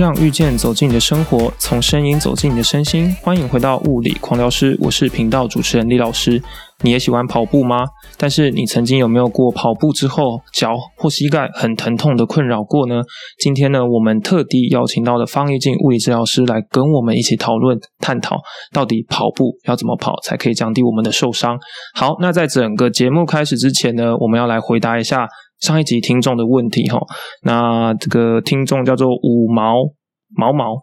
讓遇見走進你的生活，從聲音走進你的身心。歡迎回到物理狂聊師，我是頻道主持人李老師。你也喜歡跑步嗎？但是你曾經有沒有過跑步之後腳或膝蓋很疼痛的困擾過呢？今天呢，我們特地邀請到了方玉靜物理治療師來跟我們一起討論探討，到底跑步要怎麼跑才可以降低我們的受傷。好，那在整個節目開始之前呢，我們要來回答一下。上一集聽眾的問題哈，那這個聽眾叫做五毛毛毛，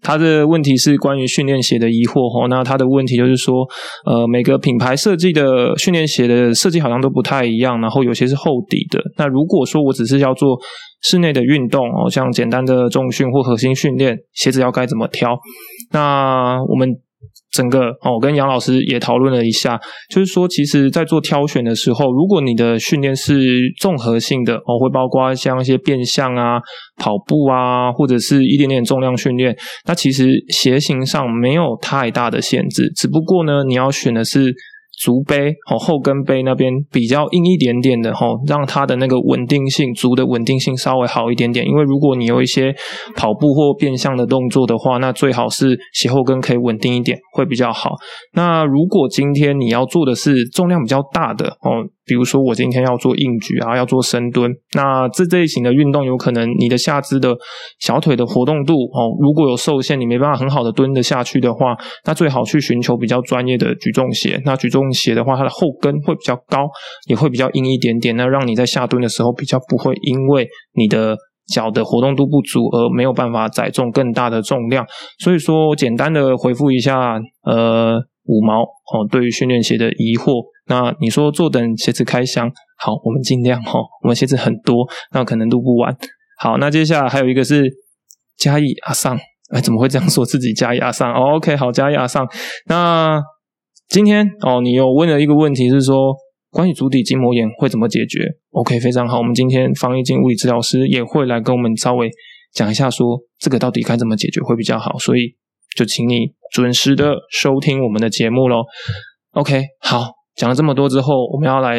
他的問題是關於訓練鞋的疑惑哈。那他的問題就是說，呃，每個品牌設計的訓練鞋的設計好像都不太一樣，然後有些是厚底的。那如果說我只是要做室內的運動哦，像簡單的重訓或核心訓練，鞋子要該怎麼挑？那我們。整個哦，我跟楊老師也討論了一下，就是說，其實，在做挑選的時候，如果你的訓練是綜合性的哦，會包括像一些變向啊、跑步啊，或者是一點點重量訓練，那其實鞋型上沒有太大的限制，只不過呢，你要選的是。足杯哦，後跟杯那邊比較硬一點點的哦，讓它的那個穩定性，足的穩定性稍微好一點點。因為如果你有一些跑步或變向的動作的話，那最好是鞋後跟可以穩定一點會比較好。那如果今天你要做的是重量比較大的哦，比如說我今天要做硬舉啊，然後要做深蹲，那這類型的運動有可能你的下肢的小腿的活動度哦，如果有受限，你沒辦法很好的蹲得下去的話，那最好去尋求比較專業的舉重鞋。那舉重鞋的話，它的後跟會比較高，也會比較硬一點點，那讓你在下蹲的時候比較不會因為你的腳的活動度不足而沒有辦法載重更大的重量。所以說，我簡單的回復一下，呃，五毛哦，對於訓練鞋的疑惑。那你說坐等鞋子開箱，好，我們儘量哈、哦，我們鞋子很多，那可能錄不完。好，那接下來還有一個是加一阿上，哎，怎麼會這樣說自己加一阿上、oh,？OK，好，加一阿上，那。今天哦，你有問了一個問題是說關於足底筋膜炎會怎麼解決？OK，非常好，我們今天方一靜物理治療師也會來跟我們稍微講一下說，說這個到底該怎麼解決會比較好，所以就請你準時的收聽我們的節目嘍。OK，好，講了這麼多之後，我們要來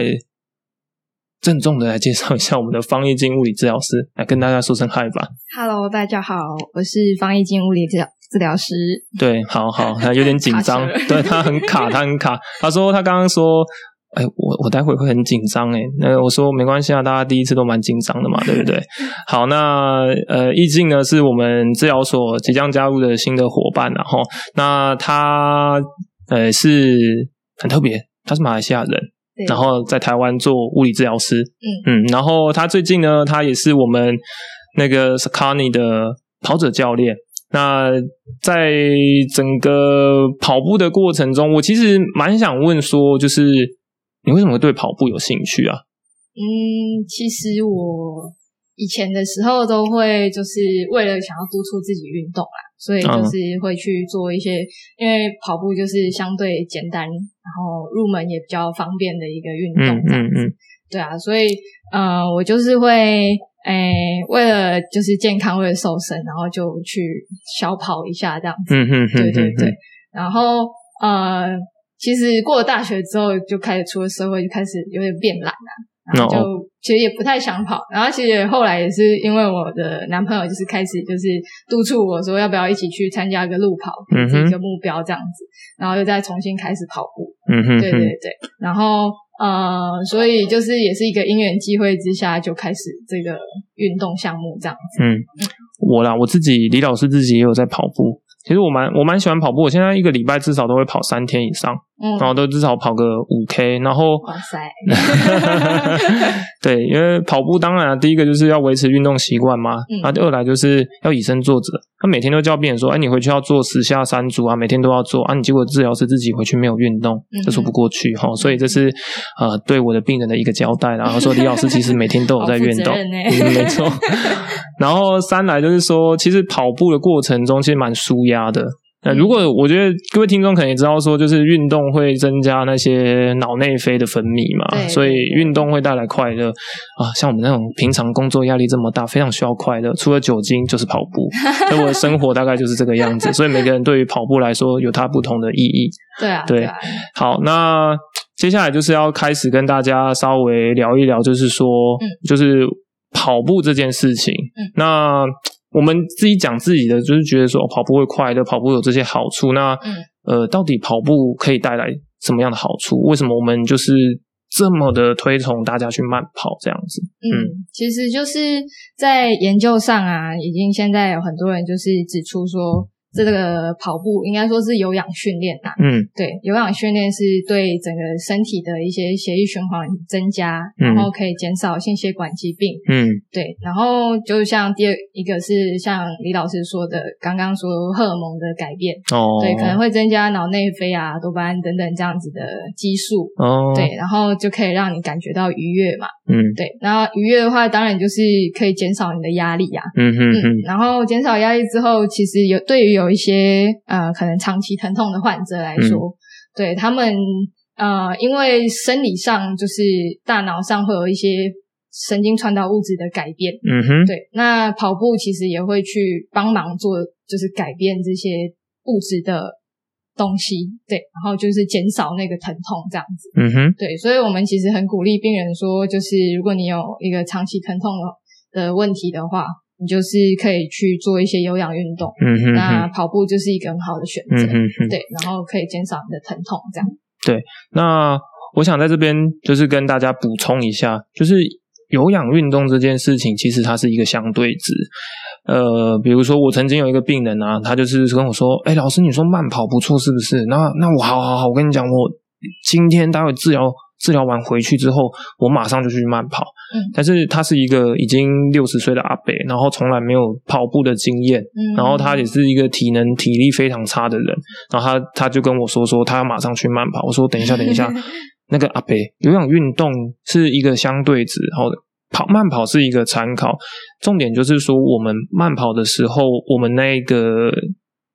鄭重的來介紹一下我們的方一靜物理治療師，來跟大家說聲嗨吧。Hello，大家好，我是方一靜物理治療。治療師對，好好，他有點緊張， 對，他很卡，他很卡。他說，他剛剛說，哎，我我待會會很緊張，哎，那我說沒關係啊，大家第一次都蠻緊張的嘛，對不對？ 好，那呃，易靜呢是我們治療所即將加入的新的夥伴，啊，然後那他呃是很特別，他是馬來西亞人，然後在台灣做物理治療師，嗯嗯，然後他最近呢，他也是我們那個 Sakani 的跑者教練。那在整個跑步的過程中，我其實蠻想問說，就是你為什麼對跑步有興趣啊？嗯，其實我以前的時候都會就是為了想要督促自己運動啦、啊，所以就是會去做一些、嗯，因為跑步就是相對簡單，然後入門也比較方便的一個運動這樣子。嗯嗯，嗯，對啊，所以嗯、呃，我就是會，哎、欸，為了就是健康，為了瘦身，然後就去小跑一下這樣子。嗯嗯對對對。嗯、然後呃，其實過了大學之後，就開始出了社會，就開始有點變懶了、啊。然後就、oh. 其實也不太想跑。然後其實也後來也是因為我的男朋友就是開始就是督促我說，要不要一起去參加一個路跑，給自己一個目標這樣子。然後又再重新開始跑步。嗯嗯嗯，對對對。嗯、然後。呃、uh，所以就是也是一個因緣機會之下，就開始這個運動項目這樣子。嗯，我啦，我自己李老師自己也有在跑步。其實我蠻我蠻喜歡跑步，我現在一個禮拜至少都會跑三天以上。嗯、然後都至少跑個五 K，然後哇塞， 對，因為跑步當然第一個就是要維持運動習慣嘛，然、嗯、第二來就是要以身作則，他每天都叫病人說，哎，你回去要做十下三組啊，每天都要做啊，你結果治療師自己回去沒有運動，嗯、這說不過去哈、哦，所以這是呃對我的病人的一個交代，然後說李老師其實每天都有在運動，嗯，欸、嗯沒錯，然後三來就是說，其實跑步的過程中其實蠻舒壓的。那、嗯、如果我覺得各位聽眾肯定知道，說就是運動會增加那些腦內啡的分泌嘛，所以運動會帶來快樂啊。像我們那種平常工作壓力這麼大，非常需要快樂，除了酒精就是跑步。那我的生活大概就是這個樣子。 所以每個人對於跑步來說有它不同的意義。對啊，對，對啊。好，那接下來就是要開始跟大家稍微聊一聊，就是說、嗯，就是跑步這件事情。嗯、那。我們自己講自己的，就是覺得說、哦、跑步會快的，跑步有這些好處。那、嗯、呃，到底跑步可以帶來什麼樣的好處？為什麼我們就是這麼的推崇大家去慢跑這樣子？嗯，嗯，其實就是在研究上啊，已經現在有很多人就是指出說。這個跑步應該說是有氧訓練吧、啊。嗯，對，有氧訓練是對整個身體的一些血液循環增加，嗯、然後可以減少心血管疾病，嗯，對，然後就像第二一個是像李老師說的，剛剛說荷爾蒙的改變，哦，對，可能會增加腦內啡啊、多巴胺等等這樣子的激素，哦，對，然後就可以讓你感覺到愉悅嘛，嗯，對，然後愉悅的話，當然就是可以減少你的壓力呀、啊，嗯哼哼，嗯，然後減少壓力之後，其實有對於有一些呃，可能長期疼痛的患者來說，嗯、對他們呃，因為生理上就是大腦上會有一些神經傳導物質的改變，嗯哼，對。那跑步其實也會去幫忙做，就是改變這些物質的東西，對，然後就是減少那個疼痛這樣子，嗯哼，對。所以我們其實很鼓勵病人說，就是如果你有一個長期疼痛的的問題的話，你就是可以去做一些有氧運動，嗯哼哼，那跑步就是一個很好的選擇，嗯哼哼，對，然後可以減少你的疼痛，這樣。對，那我想在這邊就是跟大家補充一下，就是有氧運動這件事情，其實它是一個相對值，呃，比如說我曾經有一個病人啊，他就是跟我說，誒、欸、老師你說慢跑不錯是不是？那那我好好好，我跟你講，我今天待會治療。治療完回去之後，我馬上就去慢跑。但是他是一個已經六十歲的阿北，然後從來沒有跑步的經驗，然後他也是一個體能體力非常差的人。然後他他就跟我說說，他要馬上去慢跑。我說等一下等一下， 那個阿北有氧運動是一個相對值，然後跑慢跑是一個參考。重點就是說，我們慢跑的時候，我們那個。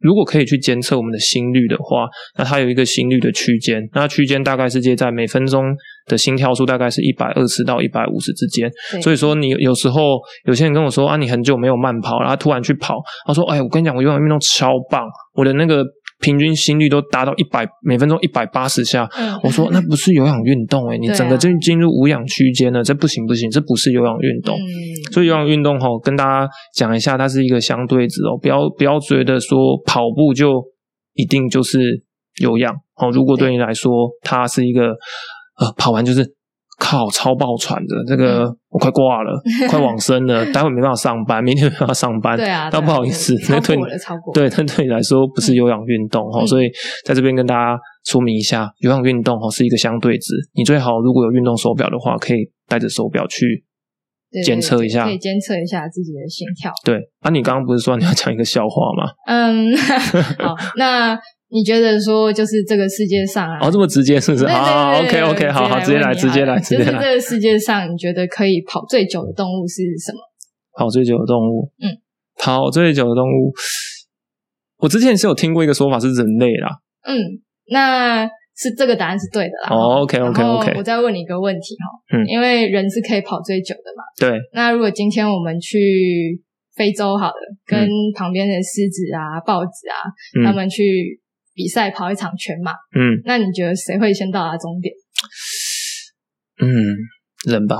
如果可以去監測我們的心率的話，那它有一個心率的區間，那區間大概是介在每分鐘的心跳數大概是一百二十到一百五十之間。所以說，你有時候有些人跟我說啊，你很久沒有慢跑，然後突然去跑，他說，哎，我跟你講，我有氧運動超棒，我的那個。平均心率都達到一百每分鐘一百八十下，我說那不是有氧運動誒、欸，你整個進進入無氧區間了，這不行不行，這不是有氧運動。所以有氧運動齁，跟大家講一下，它是一個相對值哦、喔，不要不要覺得說跑步就一定就是有氧哦，如果對你來說它是一個呃跑完就是。靠，超爆喘的，這個、嗯、我快掛了，快往生了。 待會沒辦法上班，明天沒辦法上班。對啊，倒不好意思，對對那對你，對，對,對,對你來說不是有氧運動齁、嗯。所以在這邊跟大家說明一下，有氧運動齁是一個相對值。你最好如果有運動手錶的話，可以戴着手錶去監測一下，對對對可以監測一下自己的心跳。對啊，你剛剛不是說你要講一個笑話嗎？嗯，好， 那。你覺得說就是這個世界上啊？哦，這麼直接是不是？對對對啊，okay, okay, 好，OK，OK，好好，直接來，直接來，直接來。就是、這個世界上，你覺得可以跑最久的動物是什麼？跑最久的動物？嗯，跑最久的動物，我之前是有聽過一個說法是人類啦。嗯，那是這個答案是對的啦。哦，OK，OK，OK。Okay, okay, okay, 我再問你一個問題哈，喔。嗯。因為人是可以跑最久的嘛。對。那如果今天我們去非洲好了，跟旁邊的獅子啊，嗯，豹子啊，他們去。比賽跑一場全馬，嗯，那你覺得誰會先到達終點？嗯，人吧，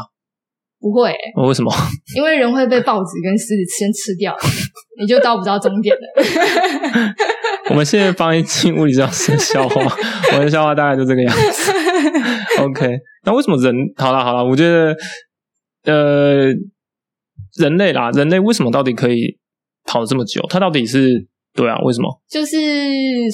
不會、欸。為什麼？因為人會被豹子跟獅子先吃掉， 你就到不到終點了。 我們現在放一進物理上笑話， 我的笑話大概就這個樣子。OK，那為什麼人？好了好了，我覺得，呃，人類啦，人類為什麼到底可以跑了這麼久？他到底是？對啊，為什麼？就是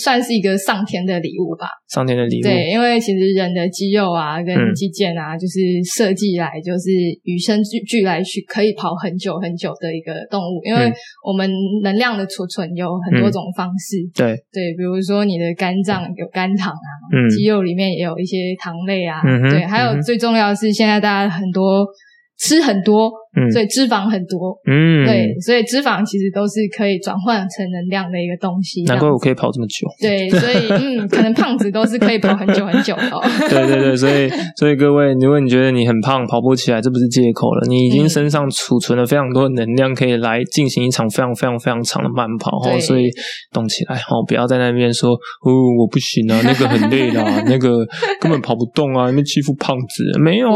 算是一個上天的禮物吧。上天的禮物。對，因為其實人的肌肉啊，跟肌腱啊、嗯，就是設計來就是與生俱俱來去可以跑很久很久的一個動物。因為我們能量的儲存有很多種方式。嗯嗯、對對，比如說你的肝臟有肝糖啊，嗯、肌肉裡面也有一些糖類啊。嗯、對，還有最重要的是，現在大家很多吃很多。嗯，所以脂肪很多，嗯，對，所以脂肪其實都是可以轉換成能量的一個東西。難怪我可以跑這麼久。對，所以 嗯，可能胖子都是可以跑很久很久的，哦。 對對對，所以所以各位，如果你覺得你很胖，跑步起來，這不是借口了，你已經身上儲存了非常多能量，可以來進行一場非常非常非常長的慢跑。哦。所以動起來，哦，不要在那邊說，哦，我不行啊，那個很累啦， 那個根本跑不動啊，因為欺負胖子。沒有，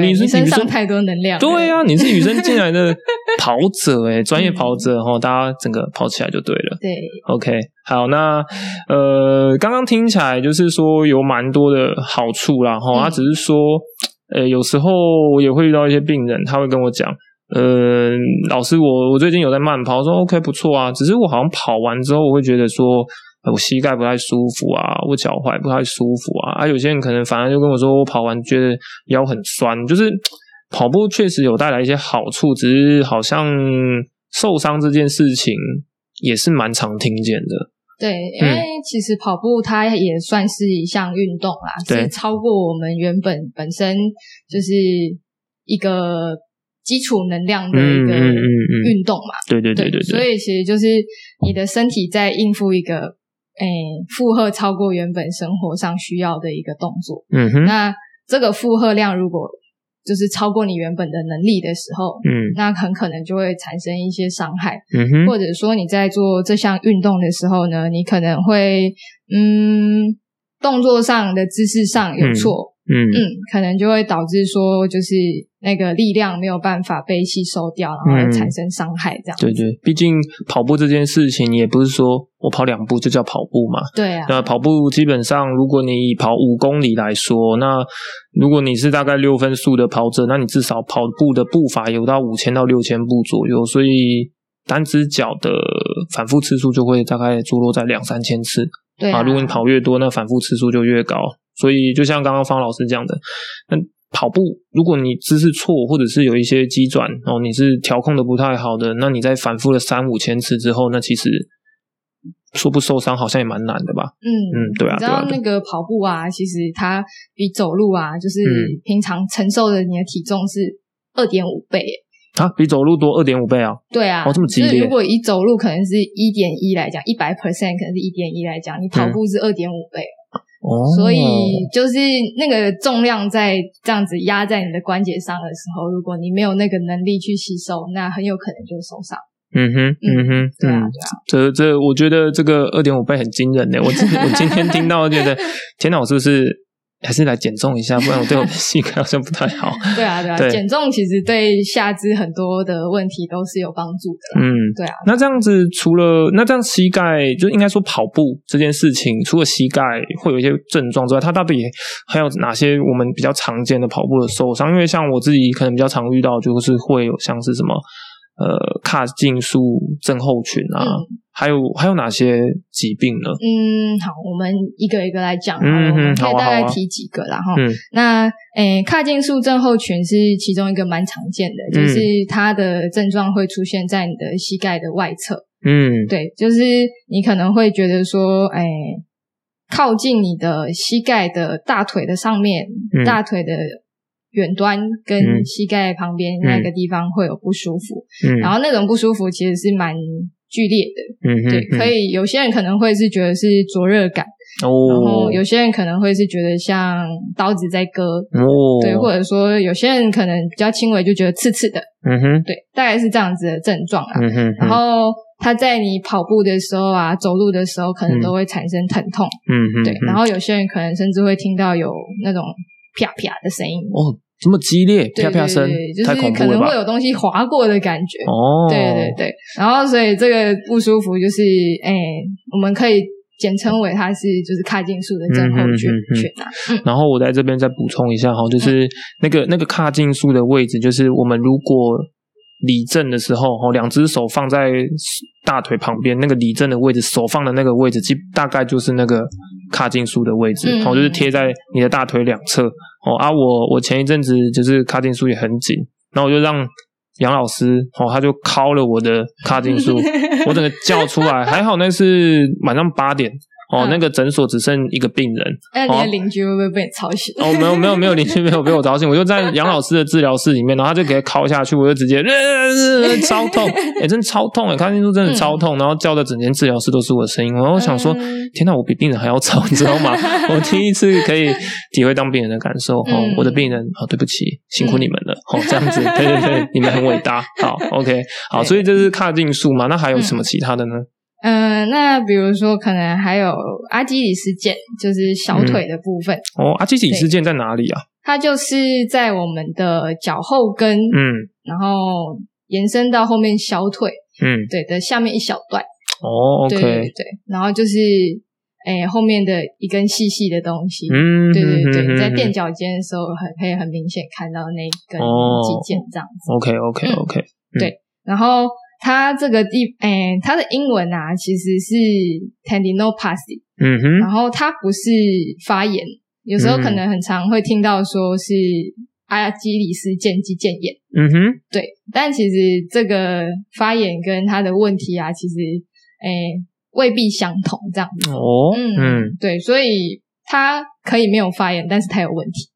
你是身上太多能量。對，對啊，你是。 女生進來的跑者哎，專業跑者、嗯、大家整個跑起來就對了。對，OK，好，那呃，剛剛聽起來就是說有蠻多的好處啦哈。他、嗯、只是說，呃、欸，有時候我也會遇到一些病人，他會跟我講，呃，老師，我我最近有在慢跑，我說 OK 不錯啊。只是我好像跑完之後，我會覺得說，呃、我膝蓋不太舒服啊，我腳踝不太舒服啊。啊，有些人可能反而就跟我說，我跑完覺得腰很酸，就是。跑步確實有帶來一些好處，只是好像受傷這件事情也是蠻常聽見的。對，因為其實跑步它也算是一項運動啦、啊，是超過我們原本本身就是一個基礎能量的一個運動嘛。嗯嗯嗯嗯嗯、對對對對對，對。所以其實就是你的身體在應付一個誒、嗯、負荷超過原本生活上需要的一個動作。嗯哼。那這個負荷量如果，就是超過你原本的能力的時候，嗯，那很可能就會產生一些傷害，嗯哼，或者說你在做這項運動的時候呢，你可能會，嗯，動作上的姿勢上有錯，嗯嗯，嗯，可能就會導致說就是。那個力量沒有辦法被吸收掉，然後產生傷害這樣子、嗯。對對，畢竟跑步這件事情也不是說我跑兩步就叫跑步嘛。對啊。那跑步基本上，如果你跑五公里來說，那如果你是大概六分速的跑者，那你至少跑步的步伐有到五千到六千步左右，所以單隻腳的反覆次數就會大概坐落在兩三千次。對啊。啊如果你跑越多，那反覆次數就越高。所以就像剛剛方老師這樣的，嗯。跑步，如果你姿勢錯，或者是有一些機轉，哦，你是調控的不太好的，那你在反覆了三五千次之後，那其實說不受傷好像也蠻難的吧？嗯嗯，對啊，你知道、啊、那個跑步啊，其實它比走路啊，就是平常承受的你的體重是二點五倍，啊，比走路多二點五倍啊？對啊，哦，這麼激烈，就是、如果以走路可能是一點一來講，一百 percent 可能是一點一來講，你跑步是二點五倍。Oh. 所以就是那個重量，在這樣子壓在你的關節上的時候，如果你沒有那個能力去吸收，那很有可能就受傷。嗯哼，嗯哼，嗯，對啊，嗯、對啊這這我覺得這個二點五倍很驚人嘞、欸。我我今天聽到覺得，錢 老師不是？還是來減重一下，不然我對我的膝蓋好像不太好。 對啊對啊，對啊，減重其實對下肢很多的問題都是有幫助的。嗯，對啊。那這樣子除了，那這樣膝蓋，就應該說跑步這件事情，除了膝蓋會有一些症狀之外，它到底還有哪些我們比較常見的跑步的受傷？因為像我自己可能比較常遇到，就是會有像是什麼。呃，髂脛束症候群啊，嗯、還有還有哪些疾病呢？嗯，好，我們一個一個來講。嗯，可、嗯、以、啊、大概提幾個，然後、啊啊，那，誒、欸，髂脛束症候群是其中一個蠻常見的，就是它的症狀會出現在你的膝蓋的外側。嗯，對，就是你可能會覺得說，誒、欸，靠近你的膝蓋的大腿的上面，嗯、大腿的。遠端跟膝蓋旁邊那個地方會有不舒服，然後那種不舒服其實是蠻劇烈的，對，可以有些人可能會是覺得是灼熱感，然後有些人可能會是覺得像刀子在割，對，或者說有些人可能比較輕微，就覺得刺刺的，對，大概是這樣子的症狀啊哼，然後他在你跑步的時候啊，走路的時候可能都會產生疼痛，對，然後有些人可能甚至會聽到有那種。啪啪的聲音，哦，這麼激烈！對對對，啪啪聲，太恐怖了，就是可能會有東西劃過的感覺。哦，對對對，然後所以這個不舒服，就是、哦、哎，我們可以簡稱為它是就是髂脛束的症候群，嗯哼嗯哼群、啊、然後我在這邊再補充一下哈，就是那個、嗯、那個髂脛束的位置，就是我們如果立正的時候，哈，兩隻手放在大腿旁邊那個立正的位置，手放的那個位置，基大概就是那個。髂脛束的位置，嗯，哦，就是貼在你的大腿兩側，哦啊我，我我前一陣子就是髂脛束也很緊，然後我就讓楊老師，哦，他就敲了我的髂脛束，嗯，我整個叫出來， 還好那是晚上八點。哦，那個診所只剩一個病人，那、啊哦、你的鄰居會不會被你吵醒？哦，沒有，沒有，沒有，鄰居沒有被我吵醒， 我就在楊老師的治療室裡面，然後他就給他敲下去，我就直接， 超痛，哎、欸，真的超痛哎，看清楚，真的超痛，嗯、然後叫的整間治療室都是我的聲音，然後我想說、嗯，天哪，我比病人還要吵，你知道嗎？ 我第一次可以體會當病人的感受，嗯、哦，我的病人，哦，對不起、嗯，辛苦你們了，哦，這樣子，對對對，你們很偉大，嗯、好，OK，好對對對，所以這是卡進術嘛，那還有什麼其他的呢？嗯嗯、呃，那比如說，可能還有阿基里斯腱，就是小腿的部分。嗯、哦，阿基里斯腱在哪裡啊？它就是在我們的腳後跟，嗯，然後延伸到後面小腿，嗯，對的下面一小段。哦、okay、對對對。然後就是，誒、欸、後面的一根細細的東西。嗯，對對對，嗯嗯、在墊腳尖的時候很，很、嗯、可以很明顯看到那根肌腱這樣子。哦、OK OK OK、嗯。對，然後。它這個地，哎、欸，它的英文啊，其實是 tendinopathy。嗯哼，然後它不是發炎，有時候可能很常會聽到說是阿基里斯腱肌腱炎。嗯哼，對，但其實這個發炎跟他的問題啊，其實，哎、欸，未必相同這樣子。哦嗯，嗯，對，所以他可以沒有發炎，但是他有問題。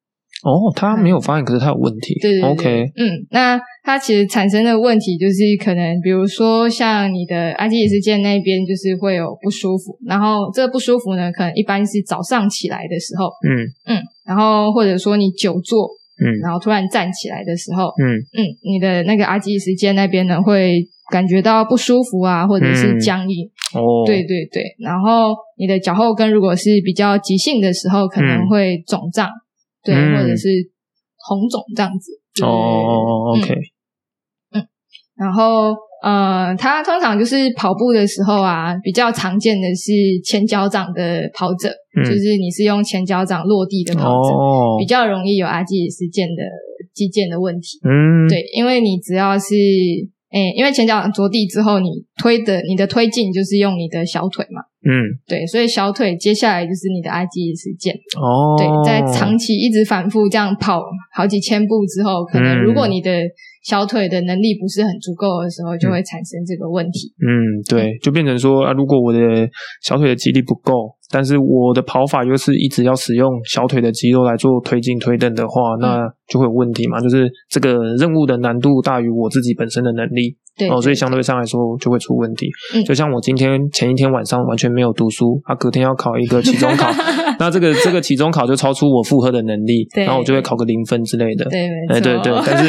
哦，他沒有發現、嗯，可是他有問題。對對、對、對，OK，嗯，那他其實產生的問題就是，可能比如說像你的阿基里斯腱那邊，就是會有不舒服。然後這個不舒服呢，可能一般是早上起來的時候，嗯嗯，然後或者說你久坐，嗯，然後突然站起來的時候，嗯嗯，你的那個阿基里斯腱那邊呢會感覺到不舒服啊，或者是僵硬。哦、嗯，對對對、哦，然後你的腳後跟如果是比較急性的時候，可能會腫脹。嗯對，或者是紅腫這樣子。哦，OK。嗯，嗯，然後，呃，他通常就是跑步的時候啊，比較常見的是前腳掌的跑者，嗯，就是你是用前腳掌落地的跑者，哦，比較容易有阿基里斯腱的肌腱的問題。嗯，對，因為你只要是，哎，因為前腳掌着地之後，你推的你的推進就是用你的小腿嘛。嗯，對，所以小腿接下來就是你的 I G E 時間哦。對，在長期一直反復這樣跑好幾千步之後，可能如果你的小腿的能力不是很足夠的時候，嗯、就會產生這個問題。嗯，對，就變成說啊，如果我的小腿的肌力不夠，但是我的跑法又是一直要使用小腿的肌肉來做推進推蹬的話、嗯，那就會有問題嘛、嗯，就是這個任務的難度大於我自己本身的能力。對對對哦，所以相對上來說就會出問題。就像我今天前一天晚上完全沒有讀書，他、嗯啊、隔天要考一個期中考， 那這個這個期中考就超出我負荷的能力對，然後我就會考個零分之類的。對，哎、對對對，但是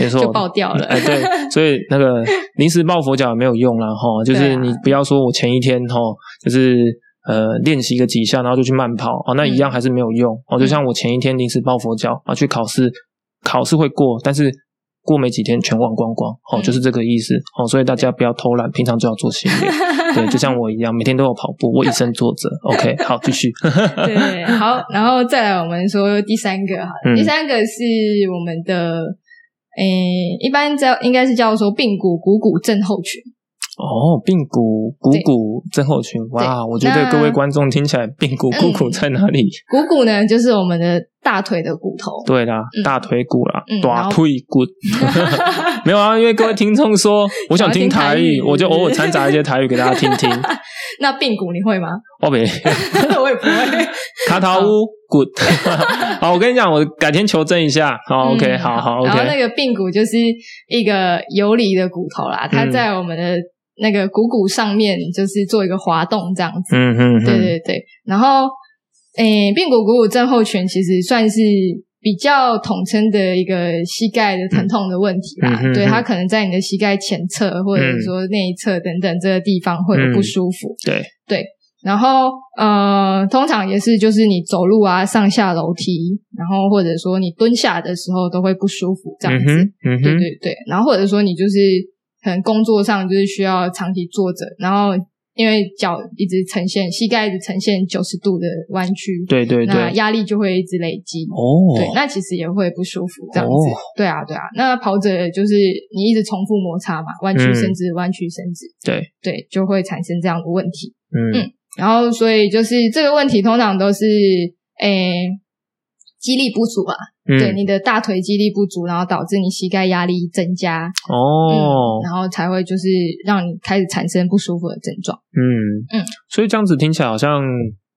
沒錯，就爆掉了。哎，對，所以那個臨時抱佛腳也沒有用啦哈、哦，就是你不要說我前一天哈、哦，就是呃練習個幾下，然後就去慢跑哦，那一樣還是沒有用、嗯、哦。就像我前一天臨時抱佛腳啊去考試、嗯，考試會過，但是。過沒幾天全忘光，光光，哦，就是這個意思，哦，所以大家不要偷懶，平常就要做訓練，對，就像我一樣，每天都要跑步，我以身作則 ，OK，好，繼續，對，好，然後再來我們說第三個，哈、嗯，第三個是我們的，誒、呃，一般叫應該是叫做髕骨股骨、骨症候群。哦，髕骨、股骨、骨、脛後群，哇！我覺得各位觀眾聽起來，髕骨、股骨、骨在哪裡？股、嗯、骨、骨呢，就是我們的大腿的骨頭。對啦，嗯、大腿骨啦，嗯、大腿骨。 沒有啊，因為各位聽眾說，我想聽台語，台語我就偶爾摻雜一些台語給大家聽聽。 那髕骨你會嗎？我沒，我也不會。卡塔烏骨。好，Good、 好，我跟你講，我改天求證一下。好、oh，，OK，好、嗯、好。然後那個髕骨就是一個游離的骨頭啦，它在我們的。那個股骨上面就是做一個滑動這樣子，嗯嗯，對對對。然後，誒，髕骨股骨症候群其實算是比較統稱的一個膝蓋的疼痛的問題啦。嗯、哼哼對，它可能在你的膝蓋前側或者說內側等等這個地方會有不舒服。嗯、哼哼對對。然後，呃，通常也是就是你走路啊、上下樓梯，然後或者說你蹲下的時候都會不舒服這樣子。嗯對對對。然後或者說你就是。可能工作上就是需要長期坐着，然後因為腳一直呈現膝蓋一直呈現九十度的彎曲，對對，對，那壓力就會一直累積哦。對，那其實也會不舒服這樣子，哦。對啊，對啊。那跑者就是你一直重複摩擦嘛，彎曲伸直、嗯、彎曲伸直對對，就會產生這樣的問題嗯。嗯，然後所以就是這個問題通常都是誒。肌力不足啊、嗯，對，你的大腿肌力不足，然後導致你膝蓋壓力增加哦、嗯，然後才會就是讓你開始產生不舒服的症狀。嗯嗯，所以這樣子聽起來好像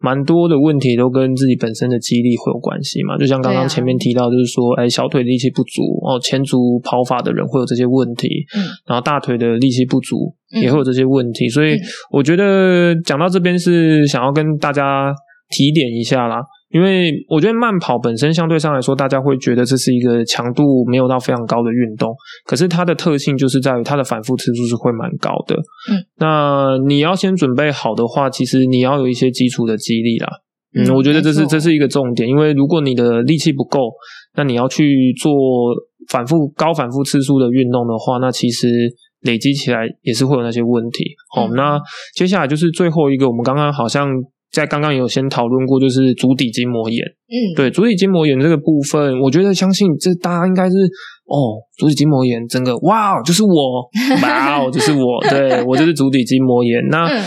蠻多的問題都跟自己本身的肌力會有關係嘛，就像剛剛前面提到，就是說，誒、嗯哎、小腿力氣不足，哦，前足跑法的人會有這些問題，嗯、然後大腿的力氣不足也會有這些問題，所以我覺得講到這邊是想要跟大家提點一下啦。因為我覺得慢跑本身相對上來說，大家會覺得這是一個強度沒有到非常高的運動，可是它的特性就是在於它的反覆次數是會蠻高的。嗯，那你要先準備好的話，其實你要有一些基礎的肌力啦。嗯，我覺得這是這是一個重點，因為如果你的力氣不夠，那你要去做反覆高反覆次數的運動的話，那其實累積起來也是會有那些問題。好、哦嗯，那接下來就是最後一個，我們剛剛好像。在剛剛有先討論過，就是足底筋膜炎。嗯，對，足底筋膜炎這個部分，我覺得相信這大家應該是哦，足底筋膜炎整個，哇哦，就是我， 哇哦，就是我，對，我就是足底筋膜炎。那、嗯、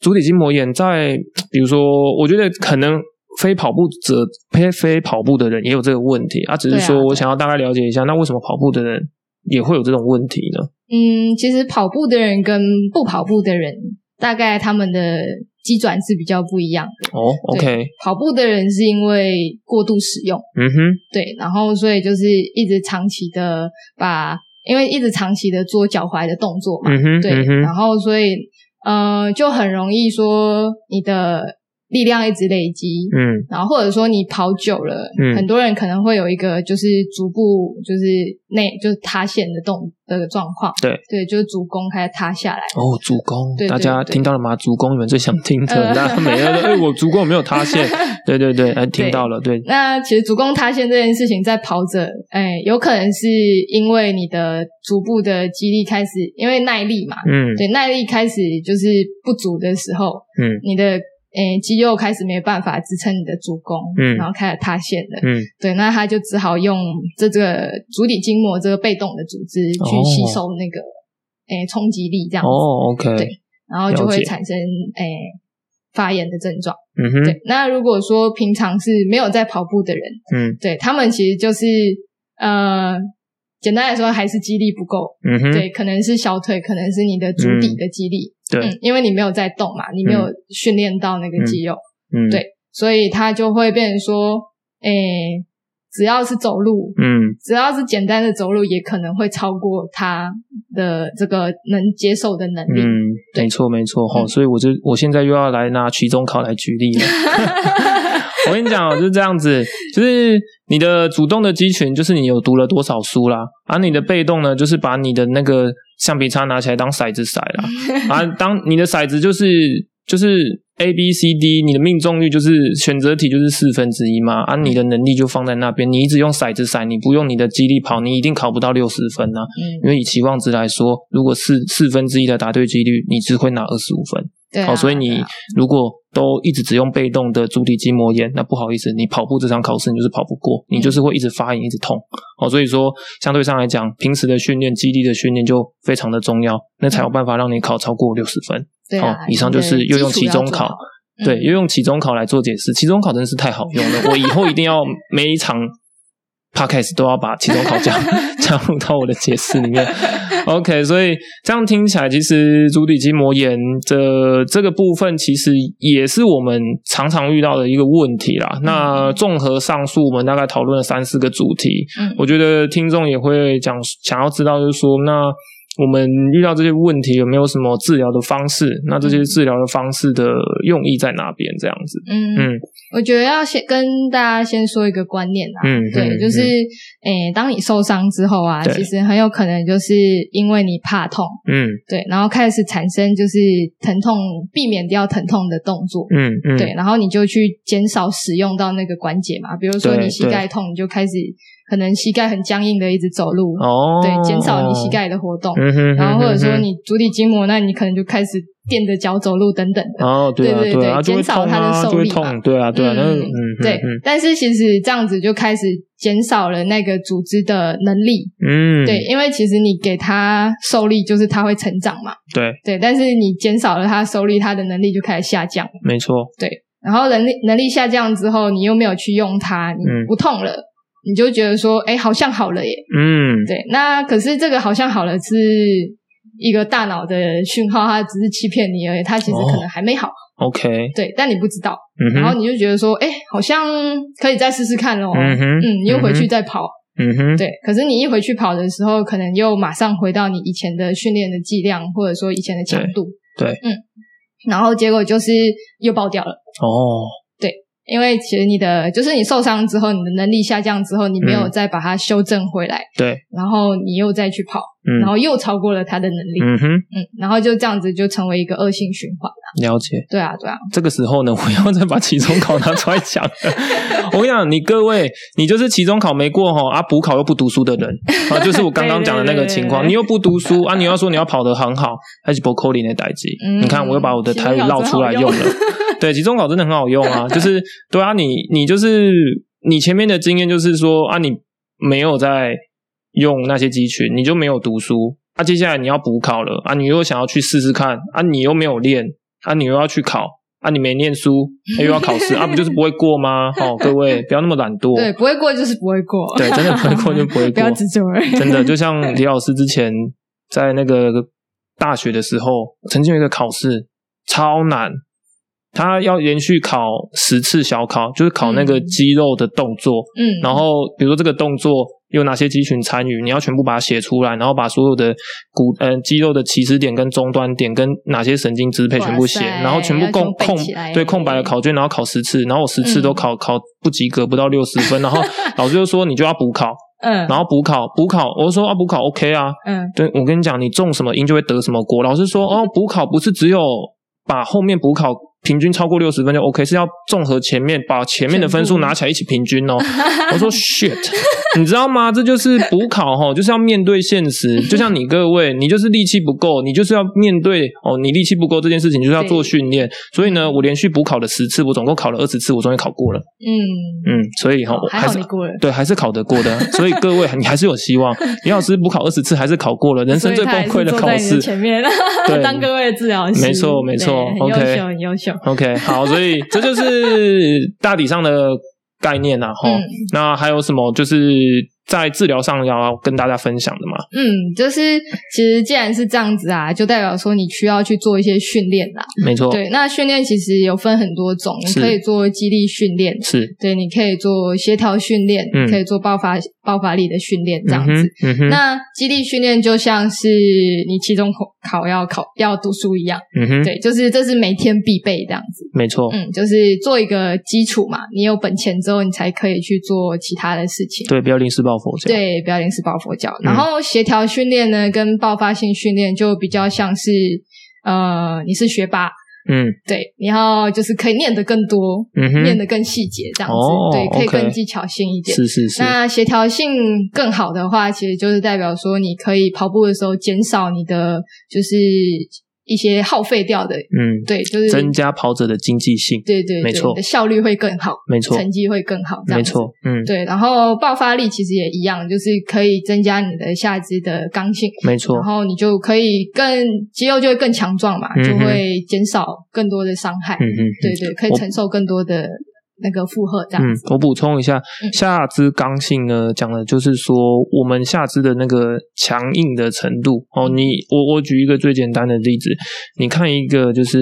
足底筋膜炎在，比如說，我覺得可能非跑步者，非、非跑步的人也有這個問題，他、啊、只是說我想要大概了解一下、啊，那為什麼跑步的人也會有這種問題呢？嗯，其實跑步的人跟不跑步的人，大概他們的。機轉是比較不一樣的哦、oh，OK。跑步的人是因為過度使用，嗯哼，對，然後所以就是一直長期的把，因為一直長期的做腳踝的動作嘛，嗯、對、嗯，然後所以，呃，就很容易說你的。力量一直累積，嗯，然後或者說你跑久了，嗯，很多人可能會有一個就是足部就是內就是塌陷的動的狀況，對對，就是足弓開始塌下來。哦，足弓，大家聽到了嗎？足弓，你們最想聽的，那、呃、每個人，哎、 欸，我足弓有沒有塌陷？ 對對對，哎、聽到了對，對。那其實足弓塌陷這件事情，在跑者，哎，有可能是因為你的足部的肌力開始，因為耐力嘛，嗯，對，耐力開始就是不足的時候，嗯，你的。誒，肌肉開始沒辦法支撐你的足弓，嗯，然後開始塌陷了，嗯，對，那他就只好用這、這個足底筋膜這個被動的組織去吸收那個、哦、誒衝擊力，這樣子，哦，OK，對，然後就會產生誒發炎的症狀，嗯哼，對，那如果說平常是沒有在跑步的人，嗯，對他們其實就是呃。簡單來說，還是肌力不夠，嗯，對，可能是小腿，可能是你的足底的肌力，嗯、對、嗯，因為你沒有在動嘛，你沒有訓練到那個肌肉嗯嗯，嗯，對，所以它就會變成說，誒、欸，只要是走路，嗯，只要是簡單的走路，也可能會超過他的這個能接受的能力。嗯，對沒錯沒錯齁，所以我就我現在又要來拿期中考來舉例了 我跟你講哦、喔，就是這樣子，就是。你的主動的肌群就是你有讀了多少書啦，而、啊、你的被動呢，就是把你的那個橡皮擦拿起來當骰子骰啦。啊，當你的骰子就是就是 A B C D，你的命中率就是選擇題就是四分之一嘛，啊，你的能力就放在那邊，你一直用骰子骰，你不用你的肌力跑，你一定考不到六十分啦、啊。因為以期望值來說，如果四四分之一的答對幾率，你只會拿二十五分。好、啊哦，所以你如果都一直只用被動的足底筋膜炎，那不好意思，你跑步這場考試你就是跑不過，你就是會一直發炎，一直痛。哦，所以說相對上來講，平時的訓練、肌力的訓練就非常的重要，那才有辦法讓你考超過六十分。好、啊哦，以上就是又用期中考期，對，又用期中考來做解釋，期中考真的是太好用了， 我以後一定要每一場。Podcast 都要把期中考講加 入到我的解釋裡面，OK，所以這樣聽起來，其實足底筋膜炎這這個部分其實也是我們常常遇到的一個問題啦。嗯嗯那綜合上述，我們大概討論了三四個主題，嗯、我覺得聽眾也會講想要知道，就是說那。我們遇到這些問題有沒有什麼治療的方式？那這些治療的方式的用意在哪邊？這樣子，嗯嗯，我覺得要先跟大家先說一個觀念啦、啊。嗯，對，就是，誒、嗯欸，當你受傷之後啊，其實很有可能就是因為你怕痛，嗯，對，然後開始產生就是疼痛，避免掉疼痛的動作，嗯嗯，對，然後你就去減少使用到那個關節嘛，比如說你膝蓋痛，你就開始。可能膝蓋很僵硬的一直走路，哦、oh,，對，減少你膝蓋的活動，oh. 然後或者說你足底筋膜， 那你可能就開始墊着腳走路等等的，哦、oh, 啊，對對對，對啊、減少它的受力嘛，啊啊對啊，對，啊、嗯嗯、對，嗯對，但是其實這樣子就開始減少了那個組織的能力，嗯，對，因為其實你給它受力就是它會成長嘛，對對，但是你減少了它受力，它的能力就開始下降，沒錯，對，然後能力能力下降之後，你又沒有去用它，你不痛了。嗯你就覺得說，哎、欸，好像好了耶。嗯，對。那可是這個好像好了，是一個大腦的訊號，它只是欺騙你而已。它其實可能還沒好。哦、OK。對，但你不知道。嗯。然後你就覺得說，哎、欸，好像可以再試試看咯。嗯哼。嗯，你又回去再跑。嗯。嗯哼。對，可是你一回去跑的時候，可能又馬上回到你以前的訓練的劑量，或者說以前的強度。對。對。嗯。然後結果就是又爆掉了。哦。因為其實你的就是你受傷之後，你的能力下降之後，你沒有再把它修正回來，嗯、對，然後你又再去跑。嗯、然後又超過了他的能力，嗯哼，嗯，然後就這樣子就成為一個惡性循環了。了解，對啊，對啊。這個時候呢，我要再把期中考拿出來講了。 我跟你講，你各位，你就是期中考沒過哈啊，補考又不讀書的人 啊，就是我剛剛講的那個情況。哎、對對對對對，你又不讀書啊，你要說你要跑得很好，還是不可能的代誌？ 你看，我又把我的台語撈出來用了。其用 對，期中考真的很好用啊，就是對啊，你你就是你前面的經驗就是說啊，你沒有在，用那些肌群，你就沒有讀書啊？接下來你要補考了啊？你又想要去試試看啊？你又沒有練啊？你又要去考啊？你沒唸書，啊、又要考試 啊？不就是不會過嗎？好、哦，各位不要那麼懶惰。對，不會過就是不會過。對，真的不會過就不會過。 不要執着了。真的，就像李老師之前在那個大學的時候，曾經有一個考試超難，他要連續考十次小考，就是考那個肌肉的動作。嗯，然後比如說這個動作。有哪些肌群參與？你要全部把它寫出來，然後把所有的骨嗯、呃、肌肉的起始點跟終端點跟哪些神經支配全部寫，然後全部共空對空白的考卷，然後考十次，然後我十次都考、嗯、考不及格，不到六十分，然後老師就說你就要補考，嗯， 然後補考補考，我就說啊補考 OK 啊，嗯，對我跟你講，你種什麼因就會得什麼果。老師說哦補考不是只有把後面補考，平均超過六十分，就 OK，是要綜合前面，把前面的分數拿起來一起平均哦。 我說 shit，你知道嗎？這就是補考哈、哦，就是要面對現實。就像你各位，你就是力氣不夠，你就是要面對哦，你力氣不夠這件事情，就是要做訓練。所以呢，我連續補考了十次，我總共考了二十次，我終於考過了。嗯嗯，所以哈、哦哦，還，還是，對，還是考得過的。 所以各位，你還是有希望。李老師補考二十次還是考過了，人生最崩潰的考試。前面 對，當各位的治療師。沒錯沒錯，OK，優秀優秀。Okay OK，好，所以這就是大體上的概念吶、啊，齁、嗯。那還有什麼就是？在治療上要跟大家分享的嗎？嗯，就是其實既然是這樣子啊，就代表說你需要去做一些訓練啦。沒錯，對，那訓練其實有分很多種，你可以做肌力訓練，是，對，你可以做協調訓練，嗯、你可以做爆發爆發力的訓練這樣子。嗯哼，嗯哼，那肌力訓練就像是你期中考考要考要讀書一樣。嗯哼，對，就是這是每天必備這樣子。沒、嗯、錯，嗯，就是做一個基礎嘛，你有本錢之後，你才可以去做其他的事情。對，不要臨時抱。對，不要臨時抱佛腳。然後協調訓練呢、嗯，跟爆發性訓練就比較像是，呃，你是學霸，嗯，對，你要就是可以念得更多，嗯、念得更細節這樣子、哦，對，可以更技巧性一點。是是是。那協調性更好的話，其實就是代表說，你可以跑步的時候減少你的就是。一些耗費掉的，嗯，對，就是增加跑者的經濟性，對對，對，你的效率會更好，沒錯，成績會更好，沒錯，嗯，對，然後爆發力其實也一樣，就是可以增加你的下肢的剛性，沒錯，然後你就可以更肌肉就會更強壯嘛，嗯，就會減少更多的傷害，嗯嗯，對對，可以承受更多的。那個負荷這樣、嗯、我補充一下，嗯、下肢剛性呢，講的就是說我們下肢的那個強硬的程度哦。你我我舉一個最簡單的例子，你看一個就是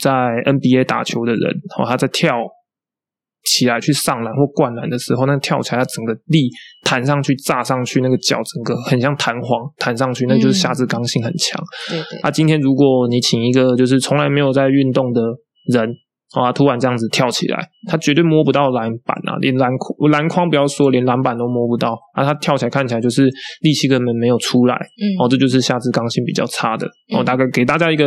在 NBA 打球的人，哦，他在跳起來去上籃或灌籃的時候，那跳起來他整個力彈上去、炸上去，那個腳整個很像彈簧彈上去，那就是下肢剛性很強。那、嗯啊、今天如果你請一個就是從來沒有在運動的人。啊、哦！突然這樣子跳起來，他絕對摸不到籃板啊！連籃筐，籃筐不要說，連籃板都摸不到啊！他跳起來看起來就是力氣根本沒有出來，嗯，哦，這就是下肢剛性比較差的。我、嗯哦、大概給大家一個。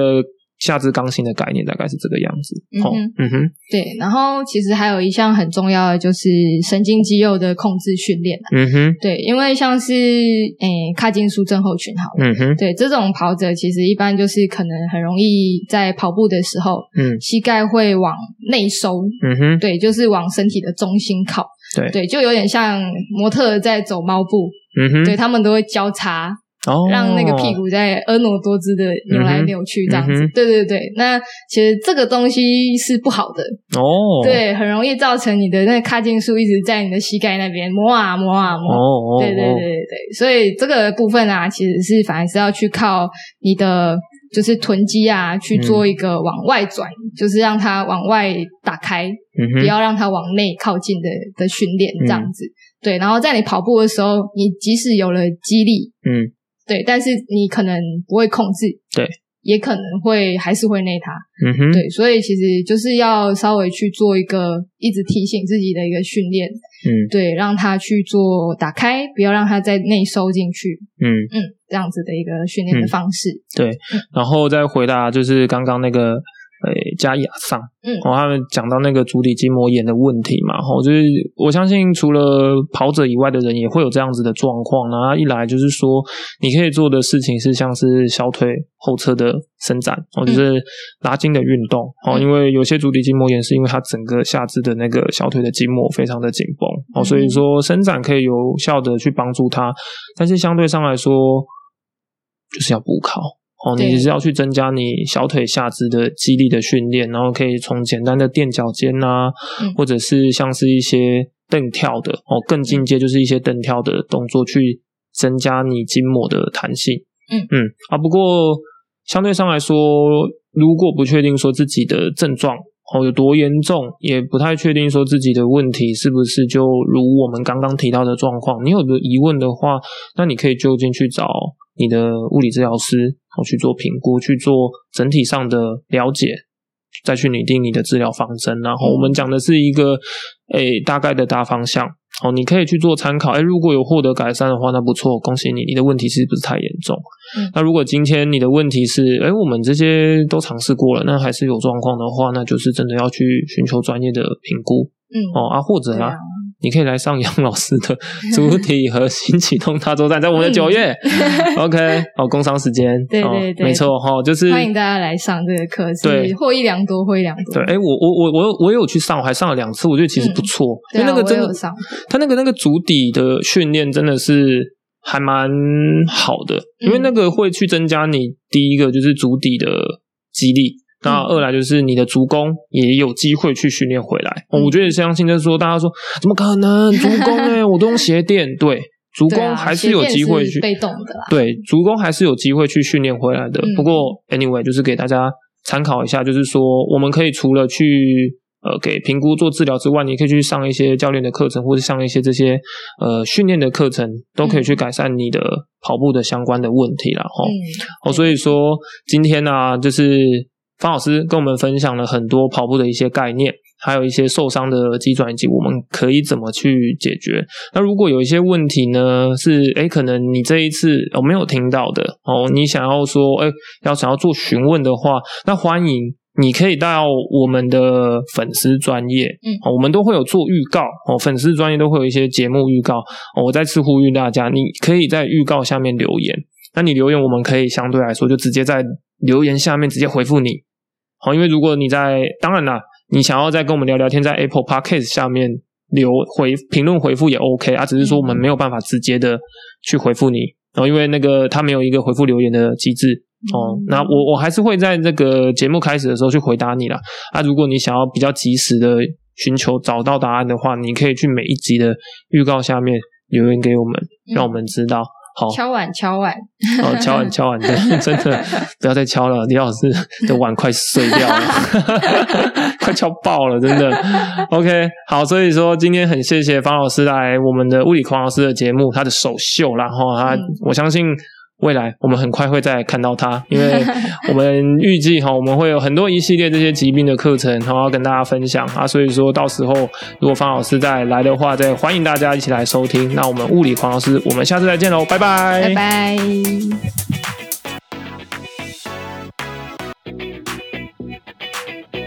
下肢剛性的概念大概是這個樣子。嗯哼，哦、嗯哼對。然後其實還有一項很重要的就是神經肌肉的控制訓練。嗯哼，對。因為像是，誒、欸，髂脛束症候群，好了。嗯哼，對。這種跑者其實一般就是可能很容易在跑步的時候，嗯，膝蓋會往內收。嗯哼，對，就是往身體的中心靠。對對，就有點像模特在走貓步。嗯哼，對，他們都會交叉。Oh, 讓那個屁股在婀娜多姿的扭來扭去，這樣子，mm -hmm, mm -hmm. 對對對，那其實這個東西是不好的哦，oh. 對，很容易造成你的那個髂脛束一直在你的膝蓋那邊磨啊磨啊磨，哦哦，對、oh, oh, oh. 對對對對，所以這個部分啊，其實是反而是要去靠你的就是臀肌啊去做一個往外轉，mm -hmm. 就是讓它往外打開，mm -hmm. 不要讓它往內靠近的的訓練這樣子，mm -hmm. 對，然後在你跑步的時候，你即使有了肌力，嗯、mm -hmm.。對，但是你可能不會控制，對，也可能會還是會內塌，嗯哼，對，所以其實就是要稍微去做一個一直提醒自己的一個訓練，嗯，對，讓他去做打開，不要讓他再內收進去，嗯嗯，這樣子的一個訓練的方式，嗯、對、嗯，然後再回答就是剛剛那個。呃、欸，加壓上，我、嗯哦、他們講到那個足底筋膜炎的問題嘛，吼、哦，就是我相信除了跑者以外的人也會有這樣子的狀況。然後一來就是說，你可以做的事情是像是小腿後側的伸展，或、哦、就是拉筋的運動，哦、嗯，因為有些足底筋膜炎是因為它整個下肢的那個小腿的筋膜非常的緊繃，哦，所以說伸展可以有效的去幫助它，但是相對上來說，就是要補考。哦，你是要去增加你小腿下肢的肌力的訓練，然後可以從簡單的墊腳尖啊，嗯、或者是像是一些蹬跳的哦，更進階就是一些蹬跳的動作，去增加你筋膜的彈性。嗯嗯啊，不過相對上來說，如果不確定說自己的症狀，哦，有多嚴重也不太確定，說自己的問題是不是就如我們剛剛提到的狀況。你有的疑問的話，那你可以就近去找你的物理治療師，哦，去做評估，去做整體上的了解。再去擬定你的治療方針，啊，嗯，然後我們講的是一個，誒、欸，大概的大方向，哦、喔，你可以去做參考，誒、欸，如果有獲得改善的話，那不錯，恭喜你，你的問題其實不是太嚴重。嗯，那如果今天你的問題是，誒、欸，我們這些都嘗試過了，那還是有狀況的話，那就是真的要去尋求專業的評估，嗯，哦、喔，啊，或者呢。嗯你可以來上楊老師的主體核心啟動大作戰，在我們的九月 ，OK，好，工商時間，對，對，對、哦、沒錯哈、哦，就是歡迎大家來上這個課，就是、對，獲益良多，獲益良多。對，哎，我我我我我有去上，我還上了兩次，我覺得其實不錯，對、嗯、那個真的對、啊、上，他那個那個足底的訓練真的是還蠻好的、嗯，因為那個會去增加你第一個就是足底的肌力。那二來就是你的足弓也有機會去訓練回來。嗯、我覺得相信就是說，大家說怎麼可能足弓？誒、欸、我都用鞋墊， 對，足弓還是有機會去被動的、啊。對，足弓還是有機會去訓練回來的。嗯、不過 anyway 就是給大家參考一下，就是說我們可以除了去呃給評估做治療之外，你可以去上一些教練的課程，或者上一些這些呃訓練的課程，都可以去改善你的跑步的相關的問題啦。哦、嗯、哦，所以說今天呢、啊，就是。方老師跟我們分享了很多跑步的一些概念，還有一些受傷的機轉，我們可以怎麼去解決。那如果有一些問題呢，是哎、欸，可能你這一次我、哦、沒有聽到的哦，你想要說哎，要、欸、想要做詢問的話，那歡迎你可以到我們的粉絲專頁，嗯、哦，我們都會有做預告哦，粉絲專頁都會有一些節目預告、哦。我再次呼籲大家，你可以在預告下面留言。那你留言，我們可以相對來說就直接在留言下面直接回覆你。好，因為如果你在，當然啦，你想要再跟我們聊聊天，在 Apple Podcast 下面留回評論回復也 OK 啊，只是說我們沒有辦法直接的去回復你，然後因為那個它沒有一個回復留言的機制哦。那我我還是會在這個節目開始的時候去回答你啦。啊，如果你想要比較及時的尋求找到答案的話，你可以去每一集的預告下面留言給我們，讓我們知道。敲碗敲碗，好、哦、敲碗敲碗的， 真的不要再敲了，李老師的碗快碎掉了， 快敲爆了，真的。OK，好，所以說今天很謝謝方老師來我們的物理狂老師的節目，他的首秀啦，然、哦、後他、嗯、我相信。未來我們很快會再看到它，因為我們預計哈我們會有很多一系列這些疾病的課程，然後要跟大家分享啊，所以說到時候如果方老師再來的話，再歡迎大家一起來收聽。那我們物理方老師，我們下次再見嘍，拜拜，拜拜。